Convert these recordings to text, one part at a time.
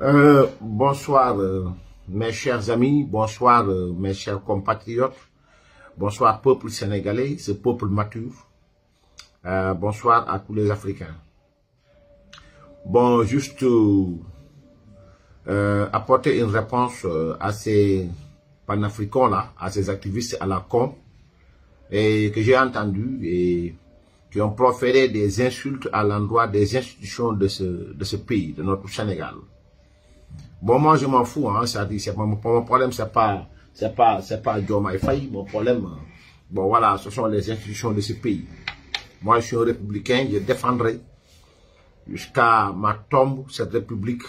Euh, bonsoir euh, mes chers amis, bonsoir euh, mes chers compatriotes, bonsoir peuple sénégalais, ce peuple mature, bonsoir à tous les Africains. Bon, juste apporter une réponse à ces panafricains-là, à ces activistes à la con, et que j'ai entendu et qui ont proféré des insultes à l'endroit des institutions de ce, de ce pays, de notre Sénégal. Bon, moi, je m'en fous, hein. Ça dit, c'est mon, mon problème, c'est pas, c'est pas, c'est pas Mon problème, hein. bon, voilà, ce sont les institutions de ce pays. Moi, je suis un républicain, je défendrai jusqu'à ma tombe cette république,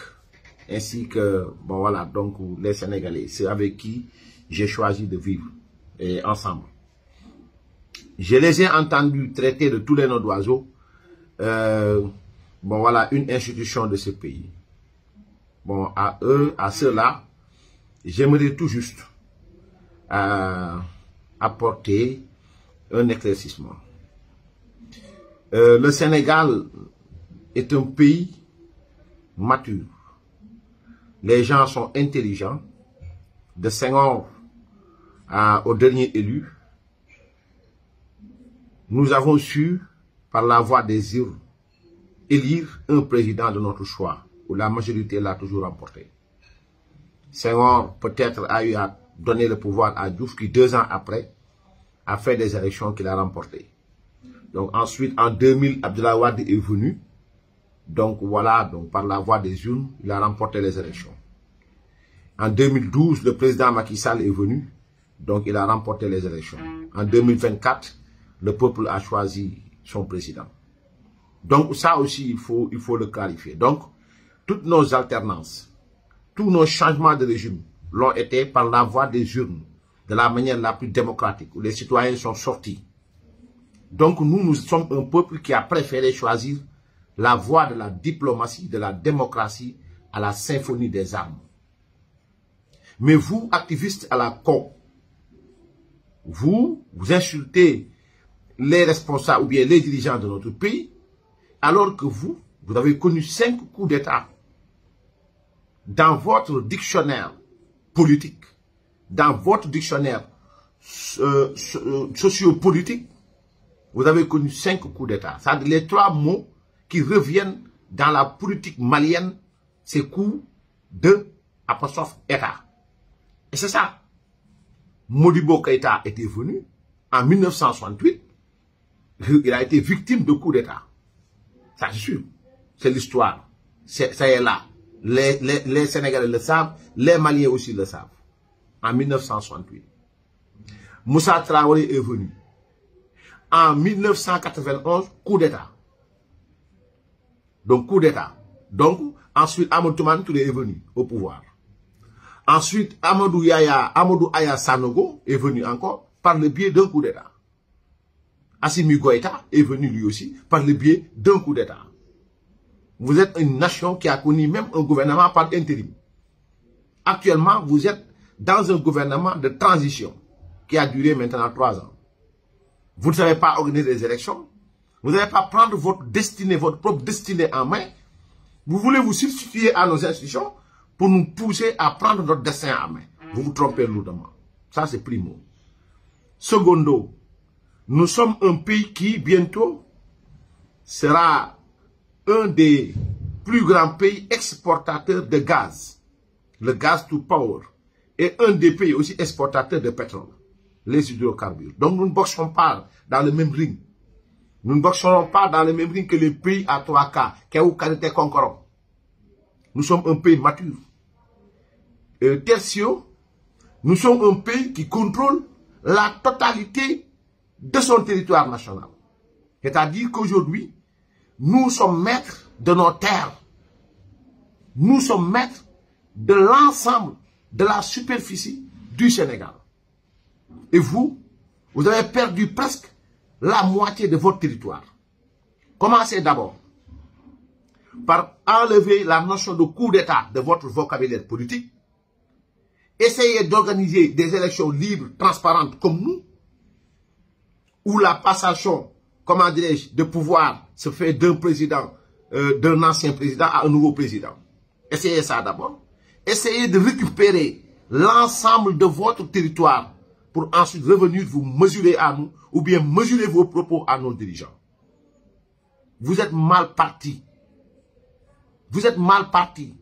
ainsi que, bon, voilà, donc, les Sénégalais. C'est avec qui j'ai choisi de vivre, et ensemble. Je les ai entendus traiter de tous les noms d'oiseaux, euh, bon, voilà, une institution de ce pays. Bon, à eux, à ceux-là, j'aimerais tout juste euh, apporter un éclaircissement. Euh, le Sénégal est un pays mature. Les gens sont intelligents. De Senghor à, euh, au dernier élu, nous avons su, par la voix des urnes, élire un président de notre choix la majorité l'a toujours remporté. Senghor peut-être a eu à donner le pouvoir à Diouf qui deux ans après a fait des élections qu'il a remportées. Donc ensuite en 2000 Abdullah Wade est venu. Donc voilà, donc par la voix des urnes, il a remporté les élections. En 2012, le président Macky Sall est venu, donc il a remporté les élections. En 2024, le peuple a choisi son président. Donc ça aussi, il faut, il faut le clarifier. Donc, toutes nos alternances, tous nos changements de régime l'ont été par la voie des urnes, de la manière la plus démocratique, où les citoyens sont sortis. Donc nous, nous sommes un peuple qui a préféré choisir la voie de la diplomatie, de la démocratie à la symphonie des armes. Mais vous, activistes à la con, vous, vous insultez les responsables ou bien les dirigeants de notre pays, alors que vous, vous avez connu cinq coups d'État dans votre dictionnaire politique, dans votre dictionnaire euh, euh, sociopolitique, vous avez connu cinq coups d'État. C'est les trois mots qui reviennent dans la politique malienne, c'est coup, de apostrophe État. Et c'est ça. Modibo Kaita était venu en 1968. Il a été victime de coups d'État. Ça, c'est sûr. C'est l'histoire. Ça est là. Les, les, Sénégalais le savent, les Maliens aussi le savent. En 1968. Moussa Traoré est venu. En 1991, coup d'État. Donc, coup d'État. Donc, ensuite, Amadou Toumane est venu au pouvoir. Ensuite, Amadou Yaya, Amadou Aya Sanogo est venu encore par le biais d'un coup d'État. Assimi Goïta est venu lui aussi par le biais d'un coup d'État. Vous êtes une nation qui a connu même un gouvernement par intérim. Actuellement, vous êtes dans un gouvernement de transition qui a duré maintenant trois ans. Vous ne savez pas organiser les élections. Vous n'avez pas prendre votre destinée, votre propre destinée en main. Vous voulez vous substituer à nos institutions pour nous pousser à prendre notre destin en main. Vous vous trompez lourdement. Ça, c'est primo. Secondo, nous sommes un pays qui, bientôt, sera un des plus grands pays exportateurs de gaz, le gaz to power, et un des pays aussi exportateurs de pétrole, les hydrocarbures. Donc nous ne boxons pas dans le même ring. Nous ne boxerons pas dans le même ring que les pays à 3K, au caractère concurrent. Nous sommes un pays mature. Et tertio, nous sommes un pays qui contrôle la totalité de son territoire national. C'est-à-dire qu'aujourd'hui, nous sommes maîtres de nos terres. Nous sommes maîtres de l'ensemble de la superficie du Sénégal. Et vous, vous avez perdu presque la moitié de votre territoire. Commencez d'abord par enlever la notion de coup d'État de votre vocabulaire politique. Essayez d'organiser des élections libres, transparentes comme nous, où la passation comment dirais-je, de pouvoir se faire d'un président, euh, d'un ancien président à un nouveau président. Essayez ça d'abord. Essayez de récupérer l'ensemble de votre territoire pour ensuite revenir vous mesurer à nous ou bien mesurer vos propos à nos dirigeants. Vous êtes mal parti. Vous êtes mal parti.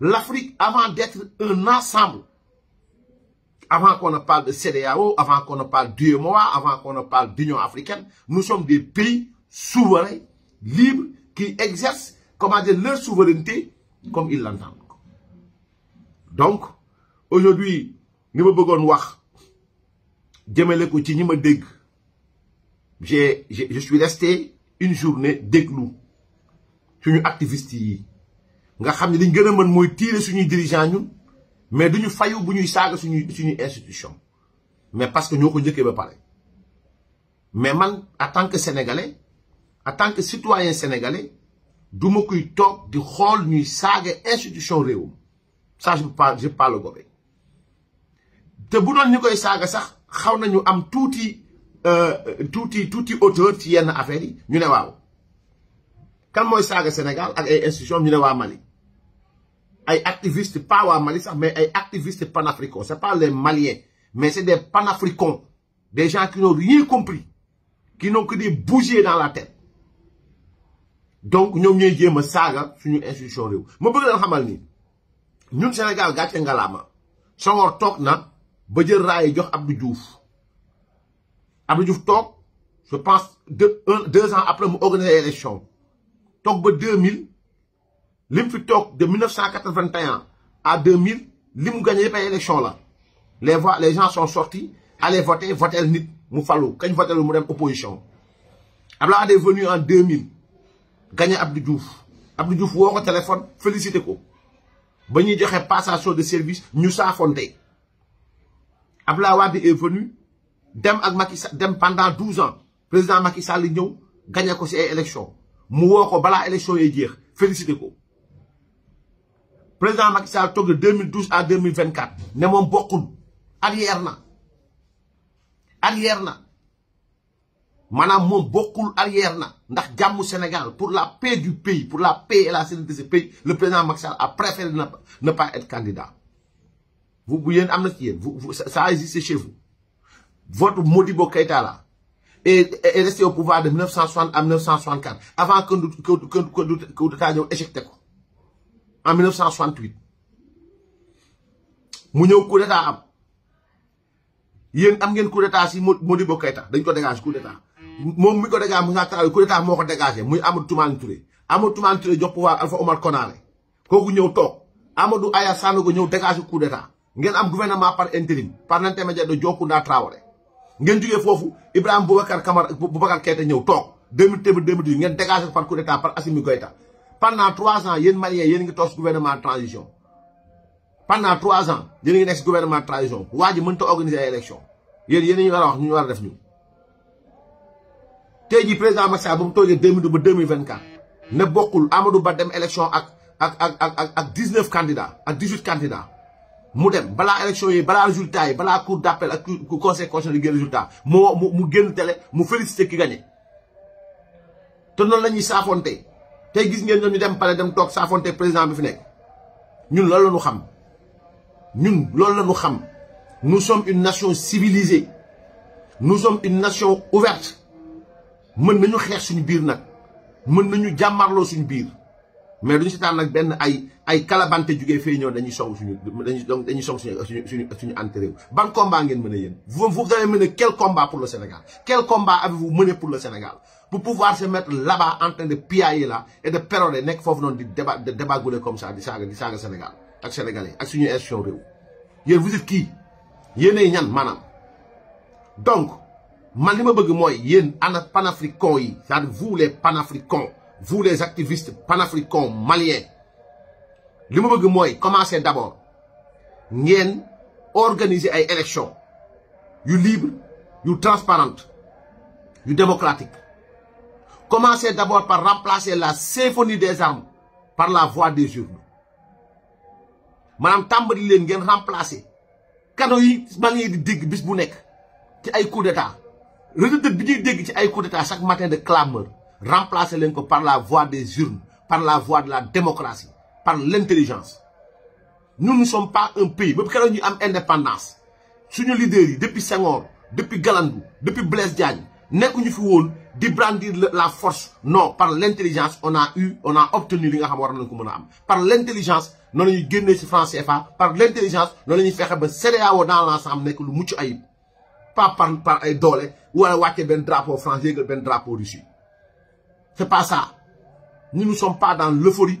L'Afrique, avant d'être un ensemble, avant qu'on ne parle de CDAO, avant qu'on ne parle d'UMOA, avant qu'on ne parle d'Union africaine, nous sommes des pays souverains, libres, qui exercent, comment leur souveraineté comme ils l'entendent. Donc, aujourd'hui, nous voulons voir, je suis resté une journée déglou. Nous activistes, nous un activiste. nous mais duñu fayu bu saga suñu suñu institution mais parce que ñoko ko ba pare mais man en tant que sénégalais en tant que citoyen sénégalais du ma koy toog di xol ñuy saga institution réewum ça je parle je parle gobe te bu doon ñukoy saga sax xaw nañu am tuuti euh, tuuti touti hauteur ci yenn affaire yi ñu ne waaw kan moy saga Sénégal ak ay institution ñu ne wa Mali ay activistes pas mal Mali mais ay activistes panafricains c'est pas les Maliens mais c'est des panafricains des gens qui n'ont rien compris qui n'ont que des bougies dans la tête donc nous nous suñu institution nous ma bëgg leen nous ni ñun Sénégal Nous ngalaama nous toog na ba nous raay jox Abdou nous Abdou Nous je pense deux deux ans après mon organiser élection ba li de 1981 à 2000 Lim pas gagné Les élection les voix les gens sont sortis allez voter voter nit mu quand ils voter le dem opposition Abla est venu en 2000 gagné Abdou Diouf Abdou Diouf vous ko téléphone félicité ko ba a une passation de service ñu à Abla Wade est venu dem pendant 12 ans président Macky Sall a gagné ko ci a élection mu élection félicité président Macky Sall de 2012 à 2024 ne moom bokul arrière na arrière na maanaam moom arrière na ndax jamm Sénégal pour la paix du pays pour la paix et la sécurité de ce pays le président Macky Sall a préféré ne pas être candidat vous pouvez amna ça existe chez vous votre Modibo Keïta là est resté au pouvoir de 1960 à 1964 avant que que que que éjecté en 1968 mu ñew coup d'état am yeen am ngeen coup d'état ci Modibo Keita dañ ko dégager coup d'état mom mi ko dégager Moussa Traoré coup d'état moko dégager muy Amadou Toumane Touré Amadou Toumane Touré jox pouvoir Alpha Omar Konaré koku ñëw tok Amadou Aya Sanogo ñëw dégager coup d'état ngeen am gouvernement par intérim par l'intermédiaire de Diokounda Traoré ngeen jugé fofu Ibrahim Boubacar Kamara Boubacar Keita ñëw tok 2000 2000 ngeen dégager par coup d'état par Assimi Goïta pendant trois ans il y a ngi gouvernement de transition pendant trois ans il y a un gouvernement de transition waa a organiser élection Il y a wax ñu y a def président a un mu a ne bokkul Amadou Ba dem élection ak ak candidats à 18 candidats mu dem élection yi résultat yi cour d'appel ak conseil constitutionnel di transition. Il mu a télé mu transition. Il gagné a un la tay gis ngeen ñu dem pare dem sa fonté président bi fi nek ñun loolu la ñu xam ñun loolu la ñu xam nous sommes une nation civilisée nous sommes une nation ouverte mën nañu xex suñu biir nak mën nañu jàmmarloo suñu biir mais duñu seetaan nak ben ay ay kalabante jugee fay ñëw dañuy song suñu dañuy donc dañuy song suñu suñu ban combat ngeen mëna yeen vous vous avez mené quel combat pour le Sénégal quel combat avez-vous mené pour le Sénégal pour pouvoir se mettre là-bas en train de piailler là et de perdre nek foofu non di débattre de débagouler comme ça di saga di saga Sénégal ak sénégalais ak suñu institution réew yéen vous êtes qui? yéenay ñan manam donc man li ma bëgg moy yeen ana panafricains cest vous les panafricains vous les activistes panafricains maliens li ma bëgg commencer d'abord ngeen organiser ay élections libre yu transparente yu démocratique Commencez d'abord par remplacer la symphonie des armes par la voix des urnes Madame tàmbali leen remplacer yi ngi di dégg bis bu ci ay d'état Résultat bi ñuy dégg ci d'état chaque matin de clameur remplacer leen ko par la voix des urnes par la voix de la démocratie par l'intelligence Nous ne sommes pas un pays nous quand nous am indépendance nos leaders depuis Senghor depuis Galandou depuis Blaise Diagne nekkuñu fi woon de brandir la force non par l'intelligence on a eu on a obtenu li nga xam war par l'intelligence nous avons ñuy génnee France CFA par l'intelligence nous avons ñuy un ba dans l'ensemble nekk lu mucc ayib pas par par ay ou wala wàcce ben drapeau français ou ben drapeau russe c'est pas ça nous ne sommes pas dans l'euphorie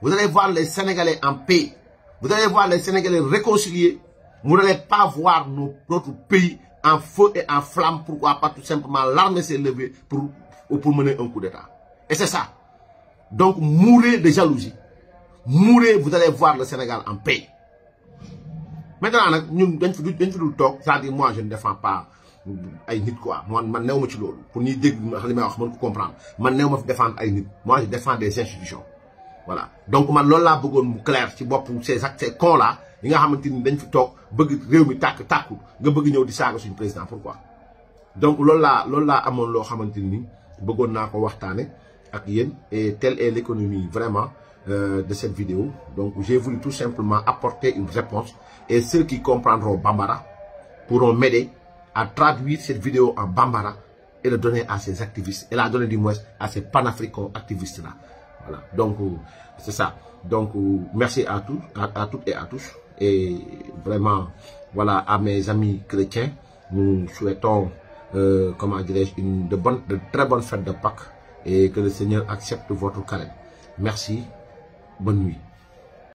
Vous allez voir les Sénégalais en paix. Vous allez voir les Sénégalais réconciliés. Vous n'allez pas voir notre pays en feu et en flamme. Pourquoi pas tout simplement l'armée s'est levée pour, pour mener un coup d'État. Et c'est ça. Donc, mourrez de jalousie. Mourrez, vous allez voir le Sénégal en paix. Maintenant, nous, c'est-à-dire moi, je ne défends pas ay Moi, quoi man ne pas pas ci pour moi je défends des institutions voilà donc man loolu laa bëggoon mu clair ci bop ces actes ces cons là yi nga xamante dañ fi tok bëgg réew mi tàkk tàkku nga bëgg ñëw di saaga suñu président pourquoi. donc loolu la loolu la amon lo xamante ni bëggoon naa ko waxtaane ak yéen et telle est l'économie vraiment euh, de cette vidéo donc j'ai voulu tout simplement apporter une réponse et ceux qui comprendront bambara pourront m'aider à traduire cette vidéo en bambara et le donner à ces activistes et la donner du moins à ces panafricains activistes là voilà. Donc, euh, c'est ça. Donc, euh, merci à, tous, à, toutes et à tous. Et vraiment, voilà, à mes amis chrétiens, nous souhaitons, euh, comment dirais-je, une de, bonne, très bonnes fêtes de Pâques et que le Seigneur accepte votre carême. Merci. Bonne nuit.